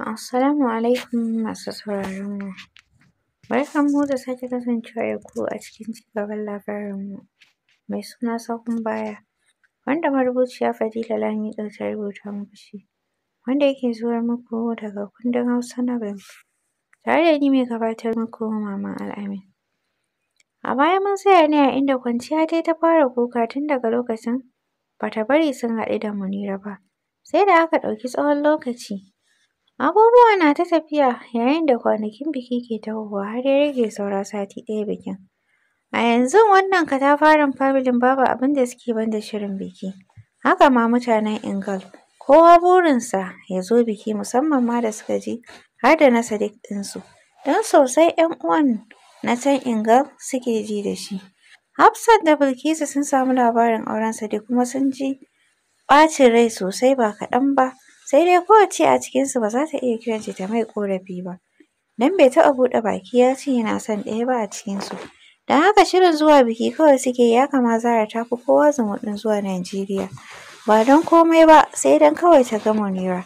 Assalamu alaikum masu sauraron mu. Barkan mu da sake kasancewa da ku a cikin cigaban labarin mu mai suna sakun baya wanda marubuciya Fadila Lamido ta rubuta muku shi wanda yake zuwa muku daga kundin Hausa na Nobel tare da ni mai gabatar muku Maman Al'amin. A baya mun tsaya ne a inda kwanciya dai ta fara kuka tun daga lokacin bata bari sun haɗe da Munira ba sai da aka ɗauki tsawon lokaci Abubuwa na ta tafiya yayin da kwanakin biki ke tahowa har ya rage saura sati ɗaya bikin. A yanzu wannan katafaren familin babu abin da suke banda shirin biki. Haka ma mutanen Ingal, kowa burinsa ya zo biki musamman ma da suka ji har da na Sadiq ɗinsu, don sosai 'yan uwan na can Ingal suke ji da shi. Hafsat da Bilkisu sun samu labarin auren Sadiq kuma sun ji ɓacin rai sosai ba kaɗan ba. sai dai kowacce a cikinsu ba za ta iya kiran ci ta mai ƙorafi ba don bai taɓa buɗe baki ya ce yana son ɗaya ba a cikinsu don haka shirin zuwa biki kawai suke ya kama Zara ta fi kowa zumuɗin zuwa Najeriya ba don komai ba sai don kawai ta ga Munira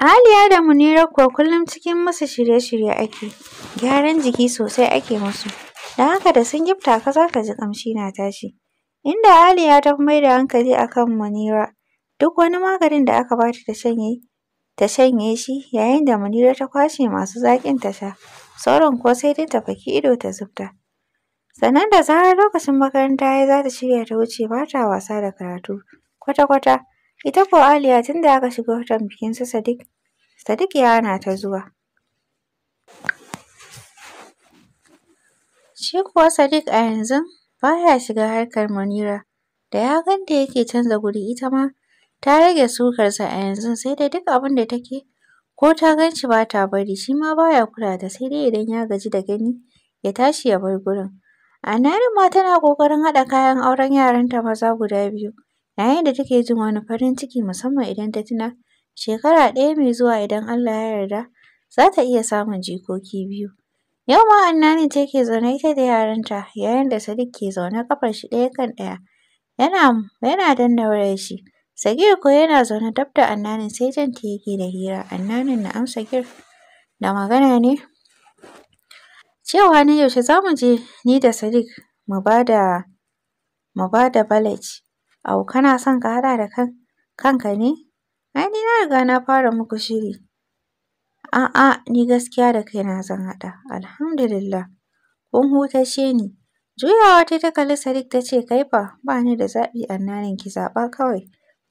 Aliya da Munira kuwa kullum cikin musu shirye-shirye ake gyaran jiki sosai ake musu don haka da sun gifta ka za ka ji ƙamshi na tashi inda Aliya ta fi mai da hankali a kan Munira Duk wani maganin da aka bata ta shanye, ta shanye shi yayin da Munira ta kwashe masu zaƙin ta sha, sauran kuwa sai dai ta faki ido ta zubta. Sannan da zarar lokacin makaranta ya zata shirya ta wuce ba ta wasa da karatu kwata-kwata. Ita ko Aliya tun da aka shiga watan bikin su Sadiq, Sadiq ya hana ta zuwa. Shi kuwa Sadiq a yanzu baya shiga harkar Munira, da ya ganta yake canza guri ita ma Ta rage sukarsa a yanzu sai dai duk abin da take ko ta gan shi ba ta bari shi ma ba ya kula ta sai dai idan ya gaji da gani ya tashi ya bar gurin. nanin ma tana ƙoƙarin haɗa kayan auren yaranta maza guda biyu yayin da take jin wani farin ciki musamman idan ta tuna shekara ɗaya mai zuwa idan Allah ya yarda za ta iya samun jikoki biyu. Yau ma Annani ce ke zaune ita da yaranta yayin da Sadiq ke zaune ƙafar shi ɗaya kan ɗaya yana yana danna wayar shi. Sagir ko yana zaune dab da Annanin sai jan ta yake da hira. Annanin na amsa gir da magana ne? Cewa ne yaushe za mu je ni da Sadiq mu ba da mu ba da Au kana son ka haɗa da kan kanka ne? Ai ni na riga na fara muku shiri. A'a ni gaskiya da kaina zan haɗa. Alhamdulillah kun hutashe ni. Juyawa ta ta kalli Sadiq ta ce kai fa ba ni da zaɓi Annanin ki zaɓa kawai.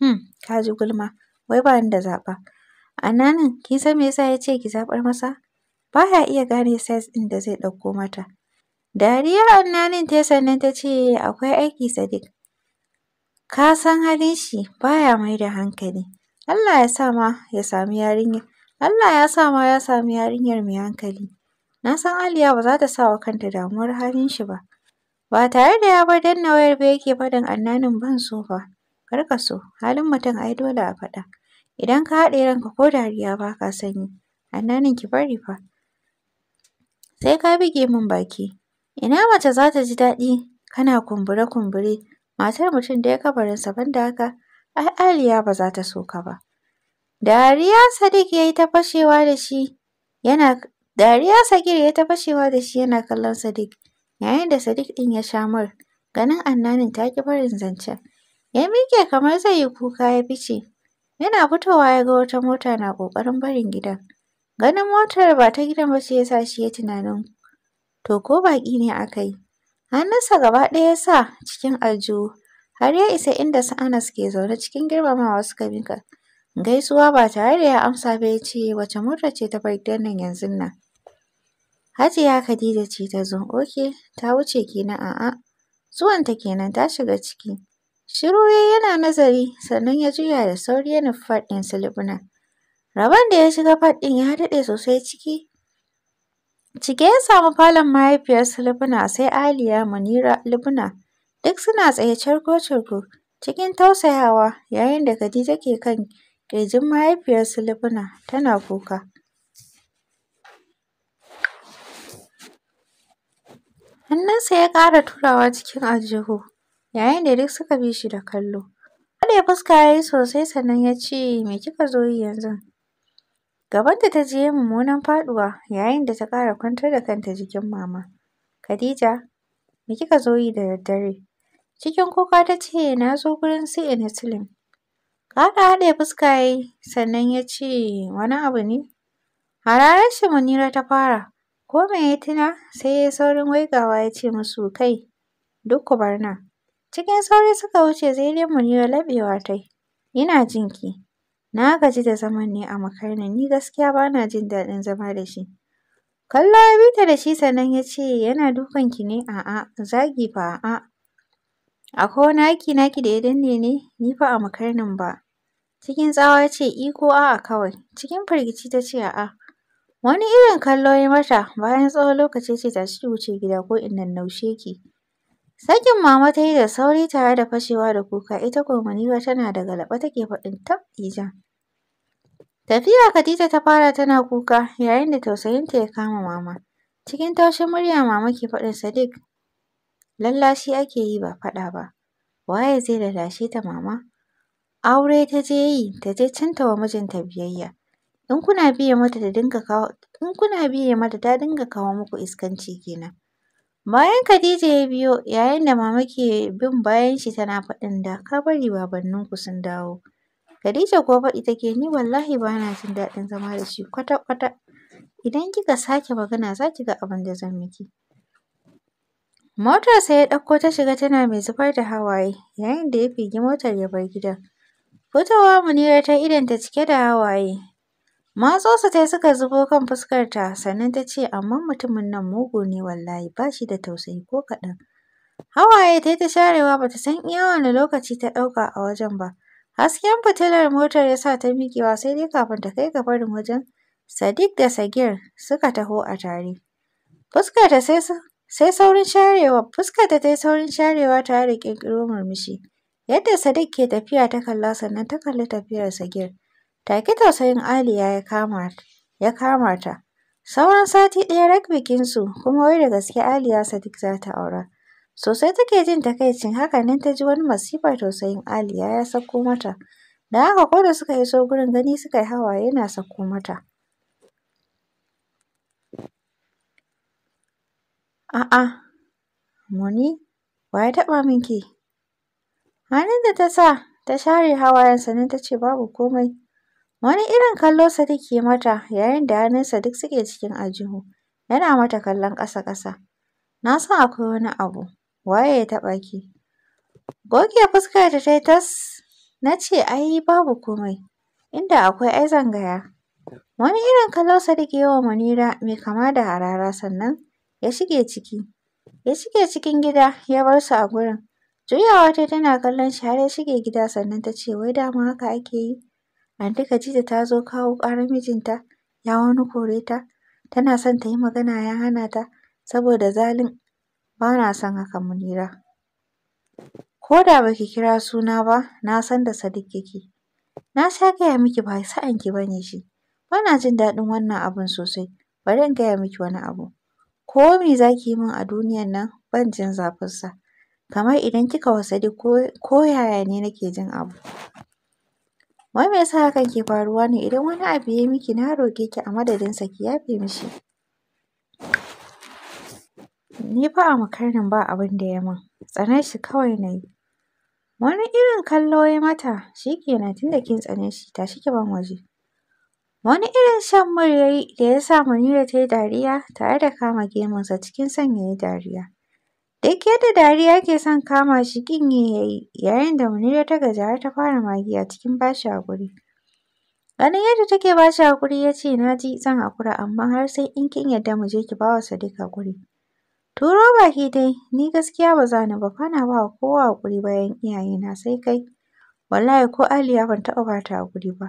Hmm, ka ji gulma. Wai ba ni da zaɓa. A nanin, kin san me yasa ya ce ki zaɓar masa? Ba ya iya gane size ɗin da zai ɗauko mata. Dariyar Annanin ta sannan ta ce akwai aiki sadik Ka san halin shi ba ya mai da hankali. Allah ya sa ma ya sami yarinyar. Allah ya sa ma ya sami yarinyar mai hankali. Na san Aliya ba za ta sa wa kanta damuwar halin shi ba. Ba tare da ya bar danna wayar ba yake faɗin Annanin ban so ba. kar so, halin mutum ai dole a faɗa. Idan ka haɗe ranka ko dariya ba ka sani yi, nan ki bari fa. Sai ka bige min baki. Ina mace za ta ji daɗi kana kumbure-kumbure, matar mutum da ya kabarinsa ban banda haka, ai Aliya ba za ta so ka ba. Dariya Sadiq ya ta fashewa da shi yana dariya Sagir ya ta fashewa da shi yana kallon Sadiq, yayin da Sadiq ɗin ya sha mur. Ganin Annanin ta ƙi barin zancen, Ya miƙe kamar zai yi kuka ya fice. Yana fitowa ya ga wata mota na ƙoƙarin barin gidan. Ganin motar ba ta gidan ba ce ya sa shi ya tunanin to ko baƙi ne aka yi. Hannunsa gaba ɗaya ya sa cikin aljihu har ya isa inda su Anas ke zaune cikin girmamawa suka miƙa gaisuwa ba tare da ya amsa ba ya ce wace mota ce ta bar gidan nan yanzun nan. Hajiya Khadija ce ta zo. Oke, ta wuce kenan a'a. Zuwanta kenan ta shiga ciki. Shiru ya yana nazari sannan ya juya da sauri ya nufi faɗin Rabon da ya shiga faɗin ya daɗe sosai ciki. Cike ya samu falon mahaifiyar silibina sai Aliya, Munira, Libina duk suna tsaye carko-carko cikin tausayawa yayin da Khadija ke kan ƙirjin mahaifiyar silibina tana kuka. Hannunsa ya ƙara turawa cikin aljihu yayin da duk suka bi shi da kallo. ya fuska ya yi sosai sannan ya ce, me kika zo yi yanzu? Gabanta ta je mummunan faɗuwa yayin da ta ƙara kwantar da kanta jikin mama. Khadija, me kika zo yi da daddare? Cikin kuka ta ce, na zo gurin su Inesilin. haɗa haɗe fuska ya yi sannan ya ce, wani abu ne? Hararar shi Munira ta fara. Ko me ya tuna sai ya yi saurin waigawa ya ce musu kai, duk ku bar Cikin sauri suka wuce zai ne ya ta Ina jin ki. Na gaji da zaman ne a makarnin, ni gaskiya ba na jin daɗin zama da shi. Kallo ya bi ta da shi sannan ya ce yana dukan ki ne a'a zagi fa a'a. Akwai wani na naki da ya danne ne ni fa a makarnin ba. Cikin tsawa ya ce iko. ko a'a kawai. Cikin firgici ta ce a'a. Wani irin kallo ya mata bayan tsawon lokaci ya ce tashi ki wuce gida ko in nannaushe ki. Sakin mama ta yi da sauri tare da fashewa da kuka ita ko Munira tana da galaɓa take faɗin tab Ijan. Tafiya Khadija ta fara tana kuka yayin da tausayinta ya kama mama. Cikin taushin murya mama ke faɗin Sadiq lallashi ake yi ba faɗa ba. Waye zai lallashe ta mama? Aure ta je yi ta je canta wa mijinta biyayya. In kuna biye mata ta dinga kawo in kuna biye mata ta dinga kawo muku iskanci kenan. Bayan Khadija ya biyo, yayin da Mama ke bin bayan shi tana faɗin da ka bari babanninku sun dawo. Khadija kuwa faɗi take ni wallahi ba na jin daɗin zama da shi kwata-kwata. Idan kika sake magana za ki ga abin da zan miki. Motarsa ya ɗauko ta shiga tana mai zubar da hawaye yayin da ya fige motar ya bar gidan. Fitowa Munira ta idonta cike da hawaye Matso tai suka zubo kan fuskarta sannan ta ce amma mutumin nan mugu ne wallahi ba shi da tausayi ko kaɗan. Hawaye ta ta sharewa ba ta san iya wani lokaci ta ɗauka a wajen ba. Hasken fitilar motar ya sa ta miƙewa sai dai kafin ta kai ga farin wajen Sadiq da Sagir suka taho a tare. Fuskarta sai sai saurin sharewa fuskarta ta saurin sharewa tare da ƙirƙiro murmushi. Yadda Sadiq ke tafiya ta kalla sannan ta kalli tafiyar Sagir. Take tausayin Aliya ya kama ya kama ta. Sauran sati ɗaya rak bikinsu kuma wai da gaske Aliya Sadik za ta aura. Sosai take jin takaicin nan ta ji wani masifa tausayin Aliya ya sauko mata. Da haka ko da suka iso gurin gani suka yi hawaye yana sauko mata. A'a, Moni, wa ya taɓa min ki? Hannun da ta sa ta share hawayen sannan ta ce babu komai. Wani irin kallo Sadiq ke mata yayin da hannunsa duk suke cikin aljihu, yana mata kallon ƙasa-ƙasa. Na san akwai wani abu, waye ya taɓa ki? Goge fuskarta ta yi tas, na ce ai babu komai, inda akwai ai zangaya Wani irin kallo Sadiq ya yi wa Munira mai kama da harara sannan ya shige ciki. Ya shige cikin gida ya bar su a gurin. Juyawa tai tana kallon shi har ya shige gida sannan ta ce wai dama haka ake yi? Anty Khadija ta zo kawo ƙarar mijinta ya wani kore ta, tana son ta yi magana ya hana ta saboda zalin ba na son haka Munira. Ko da ba ki kira suna ba, na san da Sadiq kike. Na sha gaya miki ba sa'anki ba ne shi. Ba na jin daɗin wannan abun sosai. Bari in gaya miki wani abu. Ko me za ki yi min a duniyan nan ban jin zafinsa. Kamar idan kika wa Sadiq ko yaya ne nake jin abu. Wai me yasa hakan ke faruwa ne idan wani abu ya miki na roƙe ki a madadinsa ki yafe mishi. Ni fa a makarnin ba abin da ya min, tsanar shi kawai na Wani irin kallo ya mata shi ke tunda kin tsane shi tashi ki ban waje. Wani irin shan mur yayi da yasa sa tayi ta yi dariya tare da kama gemunsa cikin son yayi dariya. Duk yadda dariya ke son kama shi ƙin yi ya yi, yayin da Munira ta gaji har ta fara magi a cikin ba shi haƙuri. Ganin yadda take ba shi haƙuri ya ce na ji zan haƙura amma har sai in kin yadda mu je ki ba wa Sadiq haƙuri. Turo baki dai ni gaskiya ba za ni ba fa na ba wa kowa haƙuri bayan iyayena sai kai. Wallahi ko Aliya ban taɓa ba ta haƙuri ba.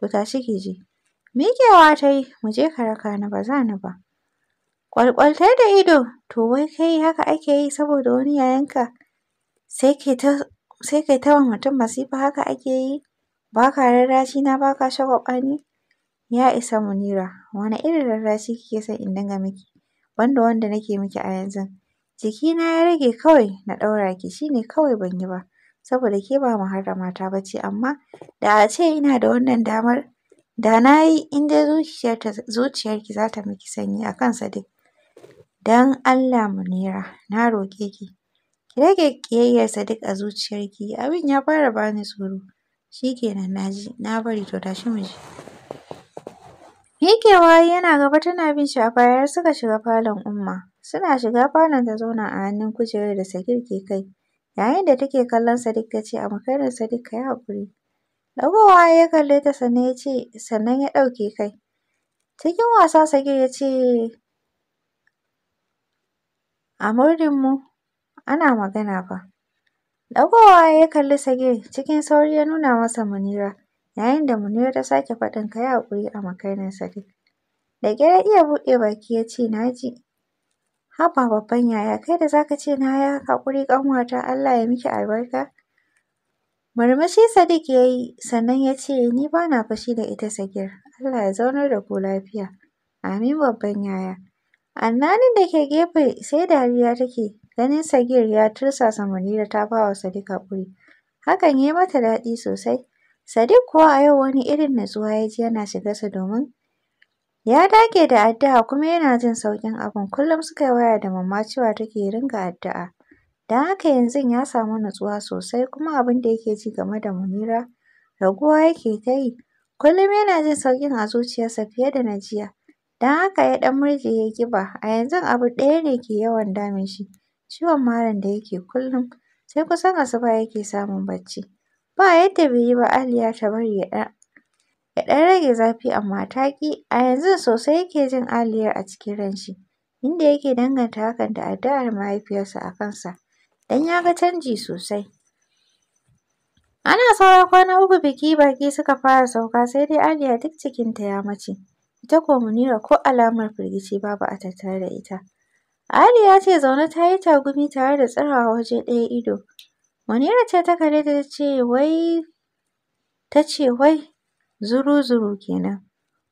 To tashi ki je. Miƙewa ta yi mu je ka raka ni ba za ni ba. kwalkwaltar da ido to wai kai haka ake yi saboda wani yayanka sai kai ta sai mutum masifa haka ake yi ba ka rarrashi na ba ka ya isa Munira wani irin rarraci kike son in dinga miki banda wanda nake miki a yanzu jikina ya rage kawai na ɗaura ki ne kawai ban yi ba saboda ke ba muharramata ba ce amma da a ce ina da wannan damar da na yi in zuciyarki za ta miki sanyi a kan duk “Don Allah Munira, na roke ki, ki rage ƙiyayyarsa duk a zuciyarki, abin ya fara bani tsoro, shi kenan ji, na bari to tashi mu je.” Miƙewa yana gaba tana bin shi a baya suka shiga falon Umma. Suna shiga falon ta zauna a hannun kujerar da sakir ke kai, yayin da take kallon Sadiq ta ce, a makarin Sadiq ka yi haƙuri.” Ɗagowa ya kalle ta sannan ya ce sannan ya ɗauke kai. Cikin wasa sakir ya ce, A mu ana magana fa. Ɗagowa ya kalli Sagir cikin sauri ya nuna masa Munira, yayin da Munira ta sake faɗin ka hakuri haƙuri a makainar Sagir. Da gyara ya iya buɗe baki ya ce na ji. Haba babban yaya kai da zaka ce na yi haƙuri ƙanwata Allah ya miki albarka. Murmushi Sadiq yayi sannan ya ce ni bana fashi da ita Sagir, Allah ya zaunar da ku lafiya. Amin babban yaya. Annanin da ke gefe sai dariya take ganin Sagir ya tursasa Munira ta bawa Sadiq haƙuri. Hakan ya mata daɗi sosai. Sadiq kuwa a yau wani irin natsuwa ya ji yana sa domin ya dage da addu'a kuma yana jin sauƙin abin. Kullum suka yi waya da Mamma cewa take ringa addu'a. Don haka yanzu ya samu natsuwa sosai kuma abin da yake ji game da Munira raguwa yake ta yi. Kullum yana jin sauƙin a zuciyarsa fiye da na jiya. Don haka ya ɗan murje ya ƙiba, a yanzun abu ɗaya ne ke yawan damun shi, ciwon marar da yake kullum, sai kusan asuba yake samun bacci. Ba yadda bai yi ba Aliya ta bari ya ɗan rage zafi amma ta ƙi, a yanzun sosai yake jin Aliyar a cikin ranshi, inda yake danganta hakan da addu'ar mahaifiyarsa a kansa, don ya ga canji sosai. Ana saura kwana uku biki baki suka fara sauka sai dai Aliya duk cikinta ya mace. ita ko Munira ko alamar firgici babu a tattare da ita. Ali ya ce zaune ta yi tagumi tare da tsirawa waje ɗaya ido. Munira ce ta kare ta ce wai ta ce wai zuru zuru kenan.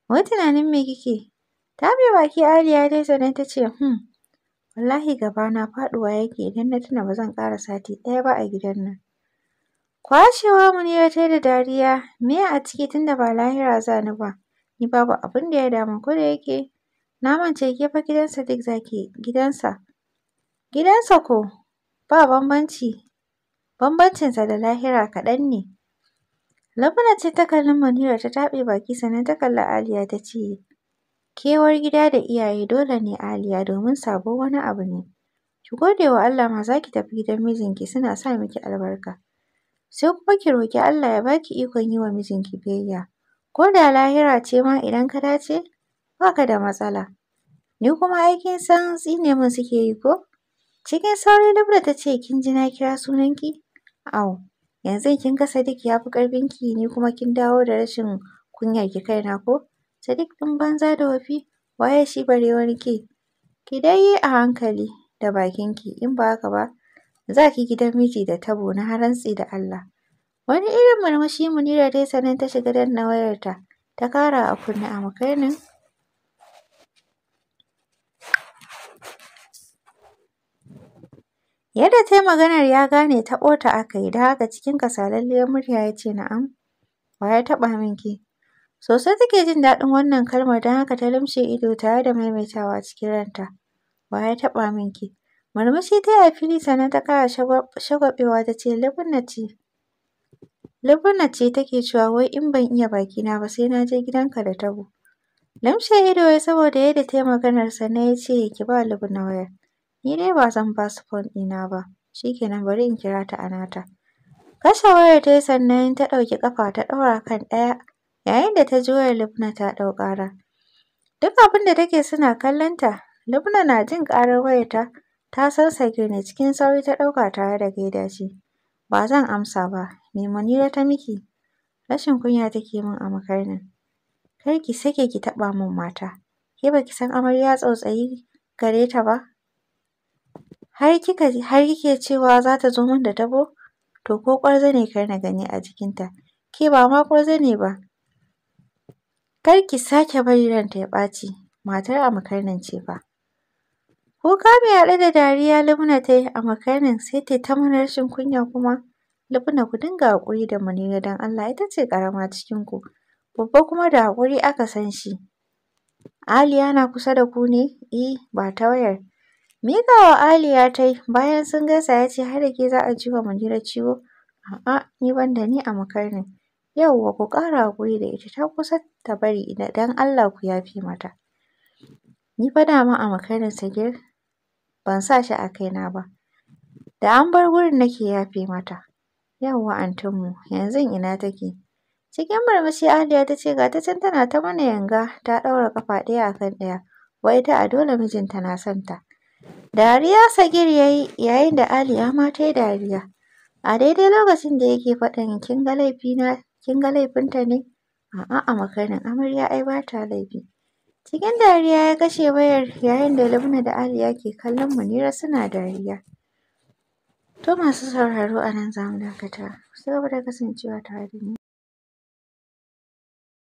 Wai tunanin me kike? Ta bi baki Aliya dai sannan ta ce hmm wallahi gabana faɗuwa yake idan na tuna ba zan ƙara sati ɗaya ba a gidan nan. Kwashewa Munira ta yi da dariya me a ciki tunda ba lahira za ni ba. Ni babu abin da ya damu ko da yake na mance ke fa gidansa duk zaki gidansa. Gidansa ko ba bambanci bambancinsa da lahira kaɗan ne. Labna ce ta kallon manira ta taɓe baki sannan ta kalli Aliya ta ce kewar gida da iyaye dole ne Aliya domin sabo wani abu ne. Ki gode wa Allah ma za ki tafi gidan mijinki suna sa miki albarka. Sai kuma ki roki Allah ya baki ikon yi wa mijinki biyayya. ko da lahira ce ma idan ka dace ba ka da matsala. Ni kuma aikin san tsine min suke yi ko? Cikin sauri Dubda ta ce kin ji na kira sunanki? Au, yanzu kin ga Sadiq ya fi ki ni kuma kin dawo da rashin kunyar ki kaina ko? Sadiq ɗin banza da wafi waye shi bare wani Ki dai yi a hankali da bakinki in ba haka ba za ki gidan miji da tabo na rantse da Allah. Wani irin murmushi Munira ta sannan ta shiga danna wayarta, ta ƙara a kunne a makainin. Yadda ta yi maganar ya gane taɓo ta aka yi, don haka cikin kasalalliyar murya ya ce na'am, wa ya taɓa min ki? Sosai take jin daɗin wannan kalmar don haka ta lumshe ido tare da maimaitawa cikin ranta, wa ya taɓa min ki? Murmushi ta yi a fili sannan ta ƙara shagwaɓewa ta ce na ce. Lubna ce take cewa wai in ban iya bakina ba sai na je gidanka da tabo. Lamshe ido ya saboda yadda da yi maganar ne ya ce ki ba Lubna waya Ni dai ba zan ba su fon ɗina ba. Shi kenan bari in kira ta a nata. Kashe wayar ta yi sannan ta ɗauki ƙafa ta ɗaura kan ɗaya yayin da ta ji wayar Lubna ta ɗau ƙara. Duk abin da take suna kallon ta. Lubna na jin ƙarar wayarta ta sassake ne cikin sauri ta ɗauka tare da gaida shi. Ba zan amsa ba, Me Munira ta miki? Rashin kunya take min a makarnin. Kar ki sake ki taɓa min mata. Ke ba ki san amarya tsautsayi gare ta ba? Har kika har kike cewa za ta zo min da tabo? To ko ƙwarzo ne kar na gani a jikin ta Ke ba ma ƙwarzo ne ba. Kar ki sake bari ranta ya ɓaci. Matar a makarnin ce fa. Ko Kuka mai haɗe da dariya Lubna ta yi a makarnin sai ta yi ta mana rashin kunya kuma. lubuna ku dinga haƙuri da Munira don Allah ita ce ƙarama ku Babba kuma da haƙuri aka san shi. Aliya na kusa da ku ne? Eh, ba ta wayar. wa Aliya ta yi bayan sun gaisa ya ce har da ke za a ji wa Munira ciwo. A'a, ni ban da ni a makarnin. Yauwa ku ƙara haƙuri da ita ta kusa ta bari don Allah ku yafe mata. Ni fa dama a makarnin Sagir ban sa shi a kaina ba. Da an bar gurin nake yafe mata. Yawwa antinmu, yanzu ina take? Cikin murmushi Aliya ta ce ga ta can tana ta mana yanga ta ɗaura kafa ɗaya a kan ɗaya, wai ta, a dole mijinta na son ta. Dariya Sagir ya yi yayin da Aliya ma ta yi dariya. A daidai lokacin da yake faɗin kin ga kin laifinta ne? A'a a maganar amarya ai ba ta laifi. Cikin dariya ya kashe wayar yayin da Lubna da Aliya ke kallon Munira suna dariya. To masu sauraro a nan za mu dakata. su gaba da kasancewa tare da ni.